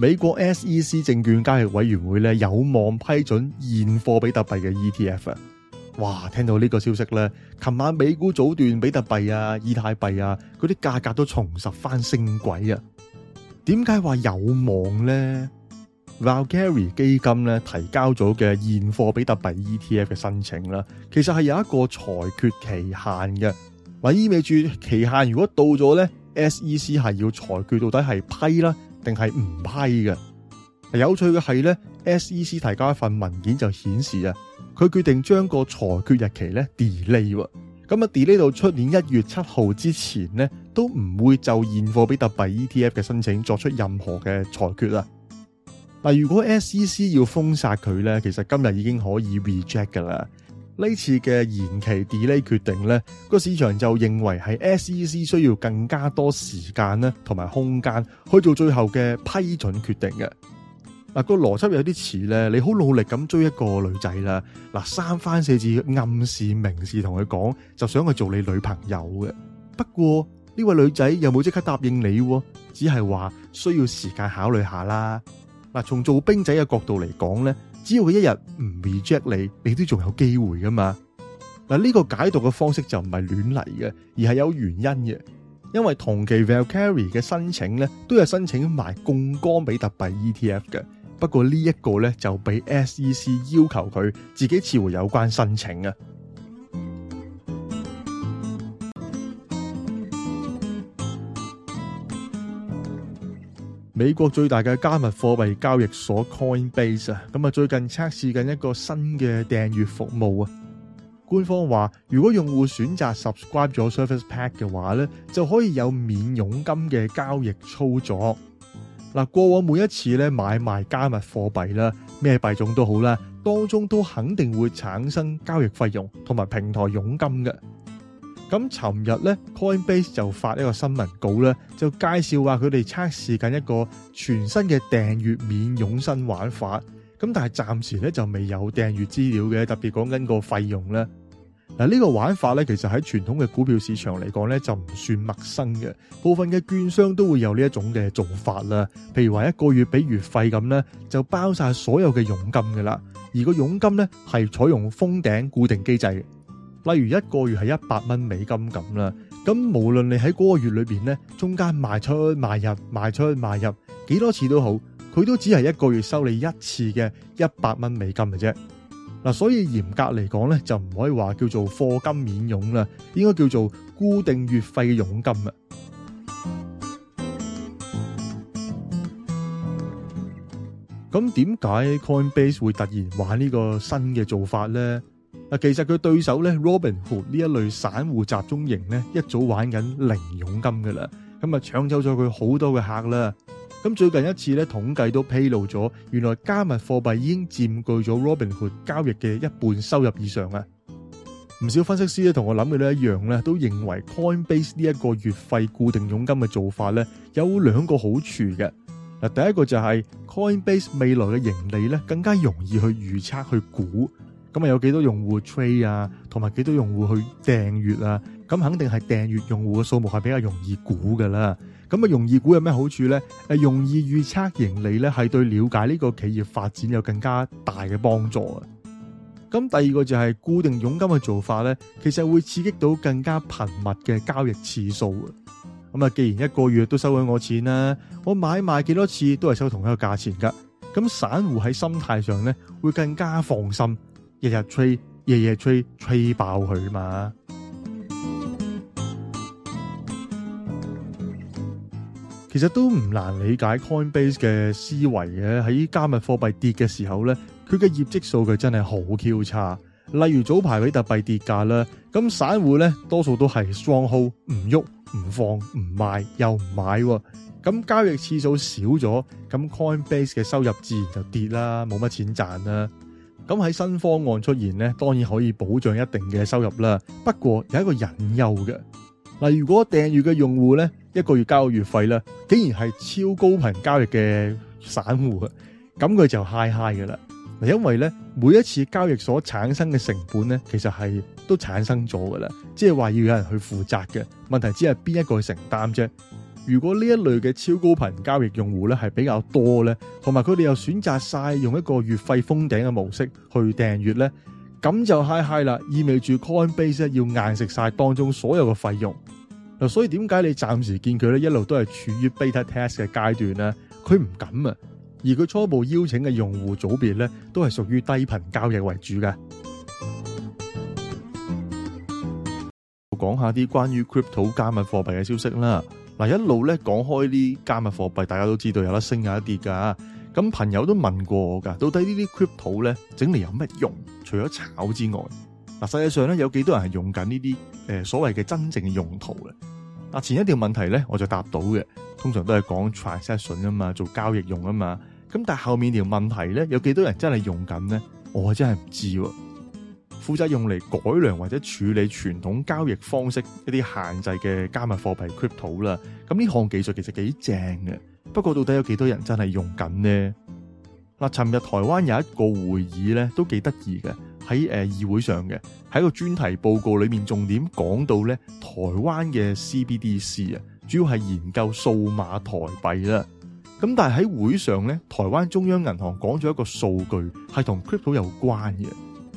美國 SEC 證券交易委員會咧有望批准現貨比特幣嘅 ETF。哇，聽到呢個消息咧，琴晚美股早段比特幣啊、以太幣啊嗰啲價格都重拾翻升軌啊。點解話有望呢？Valkyrie 基金咧提交咗嘅現貨比特幣 ETF 嘅申請啦，其實係有一個裁決期限嘅，話意味住期限如果到咗咧，SEC 係要裁決到底係批啦。定係唔批嘅。有趣嘅係呢，SEC 提交一份文件就顯示啊，佢決定將個裁決日期咧 delay。咁啊，delay 到出年一月七號之前呢，都唔會就現貨比特幣 ETF 嘅申請作出任何嘅裁決啦。嗱，但如果 SEC 要封殺佢呢，其實今日已經可以 reject 噶啦。呢次嘅延期 delay 決定呢，個市場就認為係 SEC 需要更加多時間同埋空間去做最後嘅批准決定嘅。嗱、那，個邏輯有啲似呢：「你好努力咁追一個女仔啦，嗱，三番四次暗示、明示同佢講，就想去做你女朋友嘅。不過呢位女仔又冇即刻答應你，只係話需要時間考慮下啦。嗱，從做兵仔嘅角度嚟講咧，只要佢一日唔 reject 你，你都仲有機會噶嘛。嗱，呢個解讀嘅方式就唔係亂嚟嘅，而係有原因嘅。因為同期 Valkyrie 嘅申請咧，都有申請埋槓桿比特幣 ETF 嘅，不過呢一個咧就俾 SEC 要求佢自己撤回有關申請啊。美國最大嘅加密貨幣交易所 Coinbase 啊，咁啊最近測試緊一個新嘅訂閱服務啊。官方話，如果用戶選擇 subscribe 咗 Surface Pack 嘅話咧，就可以有免佣金嘅交易操作。嗱，過往每一次咧買賣加密貨幣啦，咩幣種都好啦，當中都肯定會產生交易費用同埋平台佣金嘅。咁尋日咧，Coinbase 就發一個新聞稿咧，就介紹話佢哋測試緊一個全新嘅訂閱免傭新玩法。咁但係暫時咧就未有訂閱資料嘅，特別講緊個費用咧。嗱、這、呢個玩法咧，其實喺傳統嘅股票市場嚟講咧就唔算陌生嘅，部分嘅券商都會有呢一種嘅做法啦。譬如話一個月俾月費咁咧，就包晒所有嘅佣金㗎啦，而個佣金咧係採用封頂固定機制。例如一個月係一百蚊美金咁啦，咁無論你喺嗰個月裏邊呢，中間賣出、賣入、賣出、賣入幾多次都好，佢都只係一個月收你一次嘅一百蚊美金嘅啫。嗱，所以嚴格嚟講呢，就唔可以話叫做課金免佣啦，應該叫做固定月費嘅佣金啊。咁點解 Coinbase 會突然玩呢個新嘅做法呢？嗱，其實佢對手咧，Robinhood 呢一類散戶集中營咧，一早玩緊零佣金噶啦，咁啊搶走咗佢好多嘅客啦。咁最近一次咧統計都披露咗，原來加密貨幣已經佔據咗 Robinhood 交易嘅一半收入以上啊！唔少分析師咧同我諗嘅都一樣咧，都認為 Coinbase 呢一個月費固定佣金嘅做法咧有兩個好處嘅。嗱，第一個就係 Coinbase 未來嘅盈利咧更加容易去預測去估。咁啊，有幾多用戶 trade 啊，同埋幾多用戶去訂閱啊？咁肯定係訂閱用戶嘅數目係比較容易估噶啦。咁啊，容易估有咩好處呢？誒，容易預測盈利咧，係對了解呢個企業發展有更加大嘅幫助啊。咁第二個就係固定佣金嘅做法呢，其實會刺激到更加頻密嘅交易次數啊。咁啊，既然一個月都收緊我錢啦，我買賣幾多次都係收同一個價錢噶，咁散戶喺心態上呢，會更加放心。日日吹，日日吹，吹爆佢嘛。其實都唔難理解 Coinbase 嘅思維嘅。喺加密貨幣跌嘅時候呢，佢嘅業績數據真係好 q 差。例如早排比特幣跌價啦，咁散戶呢，多數都係雙號唔喐、唔放、唔賣又唔買，咁交易次數少咗，咁 Coinbase 嘅收入自然就跌啦，冇乜錢賺啦。咁喺新方案出現呢，當然可以保障一定嘅收入啦。不過有一個隱憂嘅，嗱，如果訂閲嘅用戶呢，一個月交月費咧，竟然係超高頻交易嘅散戶啊，咁佢就嗨嗨噶啦。嗱，因為呢，每一次交易所產生嘅成本呢，其實係都產生咗噶啦，即係話要有人去負責嘅問題，只係邊一個去承擔啫。如果呢一類嘅超高頻交易用戶咧係比較多咧，同埋佢哋又選擇晒用一個月費封頂嘅模式去訂閲咧，咁就嗨嗨啦，意味住 Coinbase 要硬食晒當中所有嘅費用。嗱，所以點解你暫時見佢咧一路都係處於 beta test 嘅階段啊？佢唔敢啊！而佢初步邀請嘅用戶組別咧，都係屬於低頻交易為主嘅。講下啲關於 crypto 加密貨幣嘅消息啦。嗱，一路咧講開啲加密貨幣，大家都知道有得升有一跌噶。咁朋友都問過我噶，到底呢啲 crypto 咧整嚟有乜用？除咗炒之外，嗱，實際上咧有幾多人係用緊呢啲誒所謂嘅真正嘅用途？嗱，前一條問題咧我就答到嘅，通常都係講 transaction 啊嘛，做交易用啊嘛。咁但係後面條問題咧，有幾多人真係用緊咧？我真係唔知喎。負責用嚟改良或者處理傳統交易方式一啲限制嘅加密貨幣 crypto 啦，咁呢項技術其實幾正嘅。不過到底有幾多人真係用緊呢？嗱、啊，尋日台灣有一個會議咧，都幾得意嘅。喺誒、呃、議會上嘅，喺個專題報告裏面重點講到咧，台灣嘅 CBDC 啊，主要係研究數碼台幣啦。咁但係喺會上咧，台灣中央銀行講咗一個數據，係同 Crypto 有關嘅。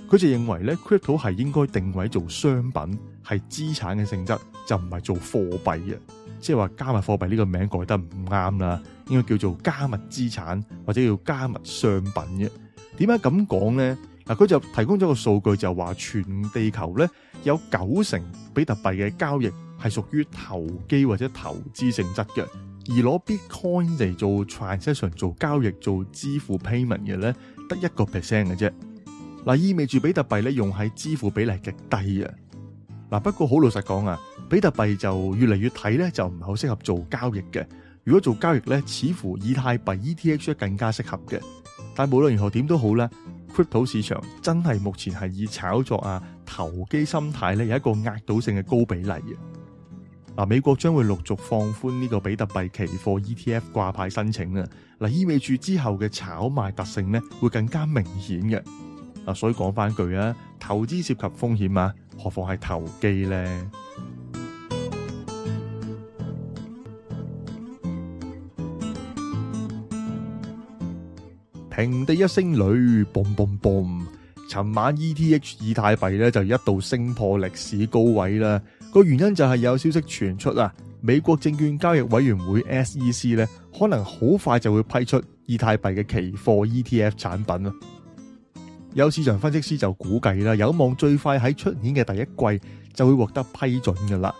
佢就認為咧，crypto 係應該定位做商品，係資產嘅性質，就唔係做貨幣嘅。即係話加密貨幣呢個名改得唔啱啦，應該叫做加密資產或者叫加密商品嘅。點解咁講咧？嗱，佢就提供咗個數據，就話全地球咧有九成比特幣嘅交易係屬於投機或者投資性質嘅，而攞 Bitcoin 嚟做 transaction 做交易做支付 payment 嘅咧，得一個 percent 嘅啫。嗱，意味住比特幣咧用喺支付比例極低啊。嗱，不過好老實講啊，比特幣就越嚟越睇咧，就唔係好適合做交易嘅。如果做交易咧，似乎以太幣 （ETH） 更加適合嘅。但無論如何，點都好咧，Crypto 市場真係目前係以炒作啊、投機心態咧有一個壓倒性嘅高比例啊。嗱，美國將會陸續放寬呢個比特幣期貨 （ETF） 掛牌申請啊。嗱，意味住之後嘅炒賣特性咧會更加明顯嘅。啊，所以講翻句啊，投資涉及風險啊，何況係投機呢？平地一聲雷，嘣嘣嘣！尋晚 E T H 以太幣咧就一度升破歷史高位啦。個原因就係有消息傳出啊，美國證券交易委員會 S E C 咧可能好快就會批出以太幣嘅期貨 E T F 產品有市場分析師就估計啦，有望最快喺出年嘅第一季就會獲得批准噶啦。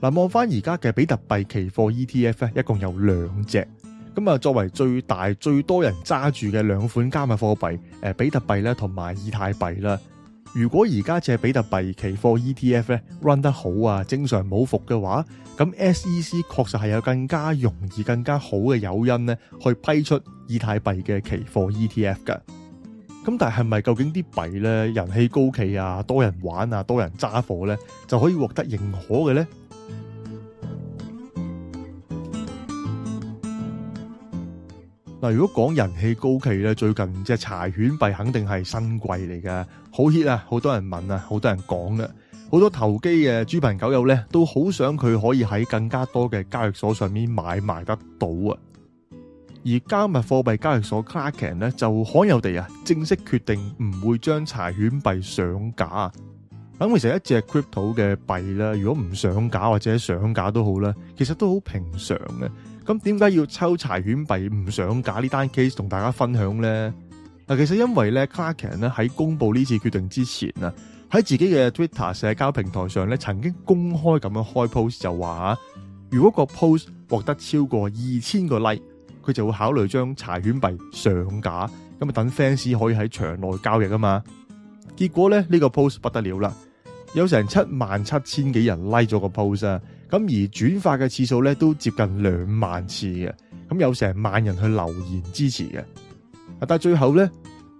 嗱，望翻而家嘅比特幣期貨 ETF 咧，一共有兩隻咁啊，作為最大最多人揸住嘅兩款加密貨幣，誒，比特幣咧同埋以太幣啦。如果而家只係比特幣期貨 ETF 咧 run 得好啊，正常冇伏嘅話，咁 SEC 確實係有更加容易、更加好嘅誘因咧去批出以太幣嘅期貨 ETF 嘅。咁但係，咪究竟啲幣咧人氣高企啊，多人玩啊，多人揸貨咧，就可以獲得認可嘅咧？嗱，如果講人氣高企咧，最近即係柴犬幣，肯定係新貴嚟嘅，好 hit 啊，好多人問啊，好多人講啊，好多投機嘅豬朋狗友咧，都好想佢可以喺更加多嘅交易所上面買賣得到啊！而加密貨幣交易所 Kraken 咧就罕有地啊，正式決定唔會將柴犬幣上架。咁其實一隻 crypto 嘅幣啦，如果唔上架或者上架都好啦，其實都好平常嘅。咁點解要抽柴犬幣唔上架呢單 case 同大家分享呢？嗱，其實因為咧 Kraken 咧喺公布呢次決定之前啊，喺自己嘅 Twitter 社交平台上咧曾經公開咁樣開 post 就話啊，如果個 post 獲得超過二千個 like，佢就會考慮將柴犬幣上架，咁啊等 fans 可以喺場內交易啊嘛。結果咧呢、這個 post 不得了啦，有成七萬七千幾人拉、like、咗個 post 啊，咁而轉發嘅次數咧都接近兩萬次嘅，咁有成萬人去留言支持嘅。但係最後咧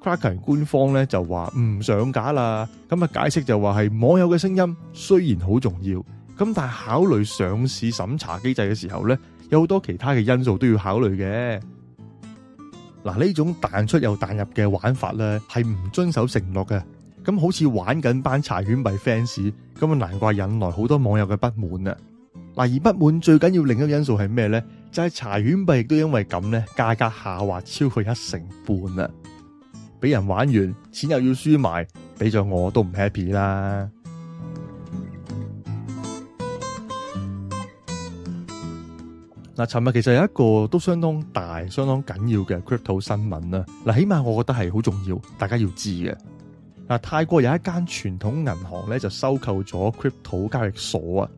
，Kraken 官方咧就話唔上架啦，咁啊解釋就話係網友嘅聲音雖然好重要，咁但係考慮上市審查機制嘅時候咧，有好多其他嘅因素都要考慮嘅，嗱，呢種彈出又彈入嘅玩法咧，係唔遵守承諾嘅，咁好似玩緊班柴犬幣 fans，咁啊難怪引來好多網友嘅不滿啊！嗱，而不滿最緊要另一個因素係咩呢？就係柴犬幣亦都因為咁呢，價格下滑超過一成半啊！俾人玩完，錢又要輸埋，俾咗我都唔 happy 啦。嗱，尋日其實有一個都相當大、相當緊要嘅 crypto 新聞啦。嗱，起碼我覺得係好重要，大家要知嘅。嗱，泰國有一間傳統銀行咧就收購咗 crypto 交易所啊！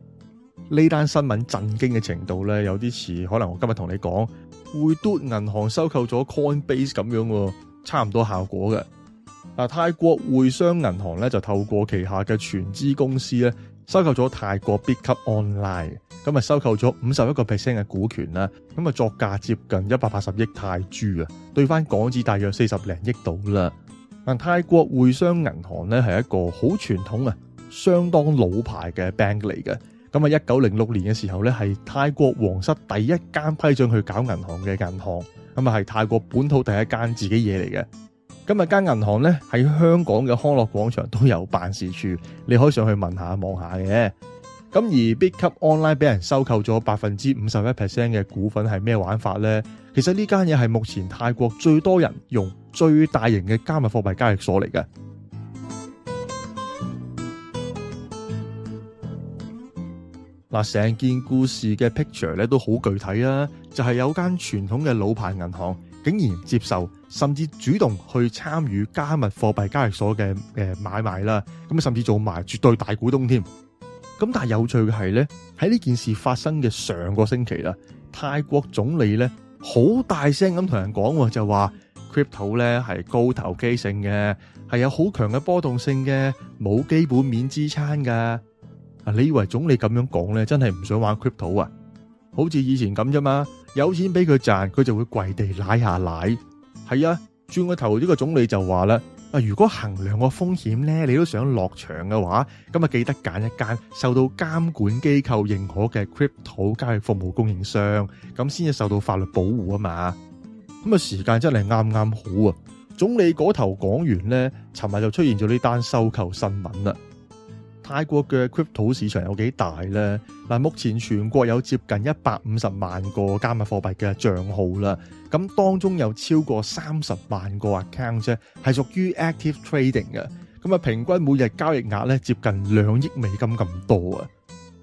呢單新聞震驚嘅程度咧，有啲似可能我今日同你講匯篤銀行收購咗 Coinbase 咁樣喎，差唔多效果嘅。嗱，泰國匯商銀行咧就透過旗下嘅全資公司咧。收購咗泰國 Bitkub online，咁啊收購咗五十一個 percent 嘅股權啦，咁啊作價接近一百八十億泰銖啊，兌翻港紙大約四十零億度啦。但泰國匯商銀行咧係一個好傳統啊，相當老牌嘅 bank 嚟嘅。咁啊一九零六年嘅時候咧，係泰國皇室第一間批准去搞銀行嘅銀行，咁啊係泰國本土第一間自己嘢嚟嘅。今日間銀行咧喺香港嘅康樂廣場都有辦事處，你可以上去問下望下嘅。咁而 Bitkub Online 俾人收購咗百分之五十一 percent 嘅股份係咩玩法呢？其實呢間嘢係目前泰國最多人用、最大型嘅加密貨幣交易所嚟嘅。嗱，成件故事嘅 picture 咧都好具體啊，就係有間傳統嘅老牌銀行竟然接受。甚至主動去參與加密貨幣交易所嘅誒買賣啦，咁甚至做埋絕對大股東添。咁但係有趣嘅係呢，喺呢件事發生嘅上個星期啦，泰國總理呢好大聲咁同人講，就話 Crypto 呢係高投機性嘅，係有好強嘅波動性嘅，冇基本面支撐嘅。啊，你以為總理咁樣講呢，真係唔想玩 Crypto 啊？好似以前咁啫嘛，有錢俾佢賺，佢就會跪地奶下奶。係啊，轉個頭呢個總理就話啦，啊如果衡量個風險呢，你都想落場嘅話，咁啊記得揀一間受到監管機構認可嘅 Crypto 交易服務供應商，咁先至受到法律保護啊嘛。咁啊時間真係啱啱好啊，總理嗰頭講完呢，尋日就出現咗呢單收購新聞啦。泰國嘅 crypto 市場有幾大呢？嗱，目前全國有接近一百五十萬個加密貨幣嘅賬號啦，咁當中有超過三十萬個 account 啫，係屬於 active trading 嘅，咁啊平均每日交易額咧接近兩億美金咁多啊！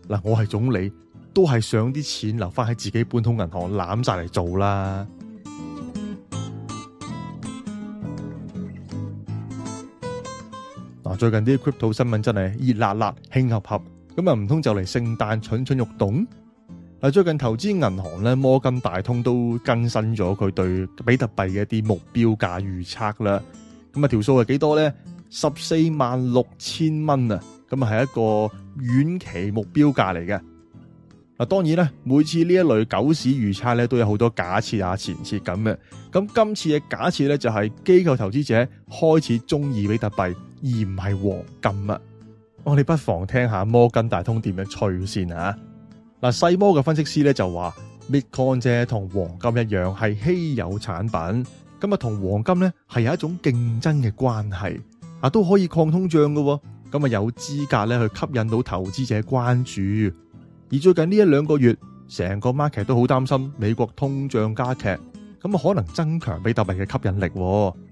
嗱，我係總理，都係想啲錢留翻喺自己本土銀行攬晒嚟做啦。最近啲 crypto 新聞真係熱辣辣，慶合合咁啊，唔通就嚟聖誕蠢蠢欲動嗱？最近投資銀行咧，摩根大通都更新咗佢對比特幣嘅一啲目標價預測啦。咁啊，條數係幾多呢？十四萬六千蚊啊，咁啊係一個遠期目標價嚟嘅嗱。當然啦，每次呢一類狗屎預測咧，都有好多假設啊、前設咁嘅。咁今次嘅假設咧，就係機構投資者開始中意比特幣。而唔係黃金啊！我哋不妨聽下摩根大通點樣吹先啊。嗱，細摩嘅分析師咧就話，Bitcoin 啫同黃金一樣係稀有產品，咁啊同黃金咧係有一種競爭嘅關係啊，都可以抗通脹喎。咁啊有資格咧去吸引到投資者關注。而最近呢一兩個月，成個 market 都好擔心美國通脹加劇，咁啊可能增強比特幣嘅吸引力。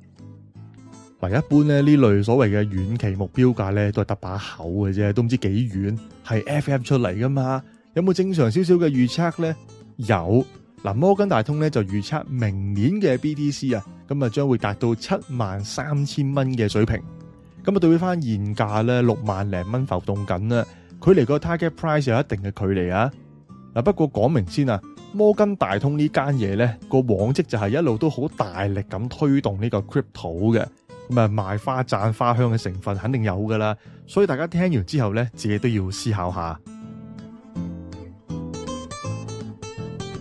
嗱，一般咧呢類所謂嘅遠期目標價咧，都係得把口嘅啫，都唔知幾遠，係 FM 出嚟噶嘛？有冇正常少少嘅預測咧？有嗱，摩根大通咧就預測明年嘅 BTC 啊，咁啊將會達到七萬三千蚊嘅水平。咁啊對比翻現價咧六萬零蚊浮動緊啦，佢離個 target price 有一定嘅距離啊。嗱，不過講明先啊，摩根大通呢間嘢咧個往績就係一路都好大力咁推動呢個 crypto 嘅。咁啊，賣花讚花香嘅成分肯定有噶啦，所以大家聽完之後咧，自己都要思考下。